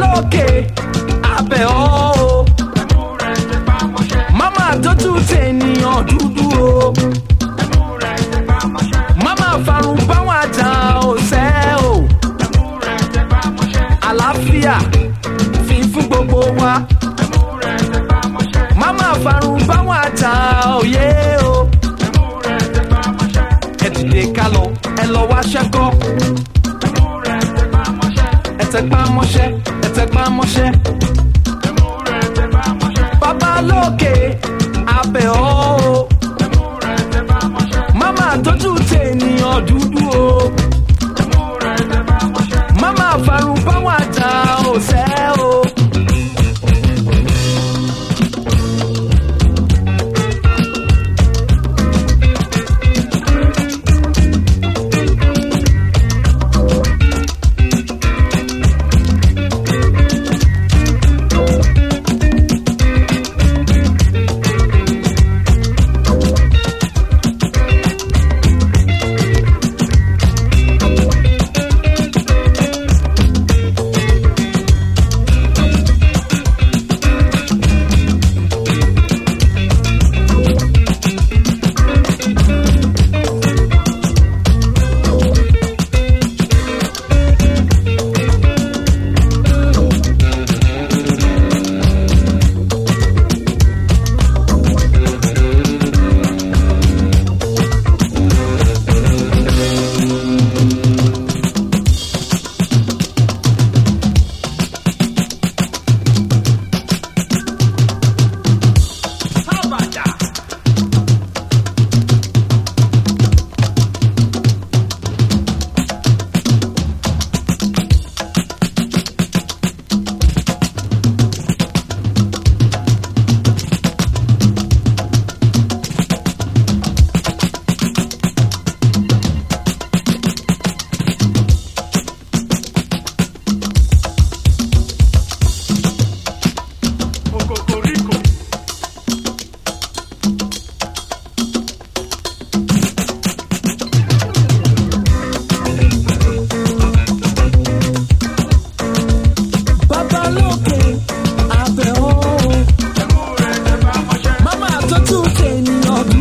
lókè abẹ́ ọ́ o. Mama tó tún tènìyàn o. Mama farun báwọn àjà ọ̀sẹ́ o. Àlàáfíà fi fún gbogbo wa. Mama farun báwọn àjà òye o. Ẹ dìde ká lọ, ẹ lọ wá ṣẹ́kọ̀ọ́. Ẹ tẹpá mọ́ṣẹ́ tẹ̀gbọ́n mọ́ṣẹ́. bàbá lókè.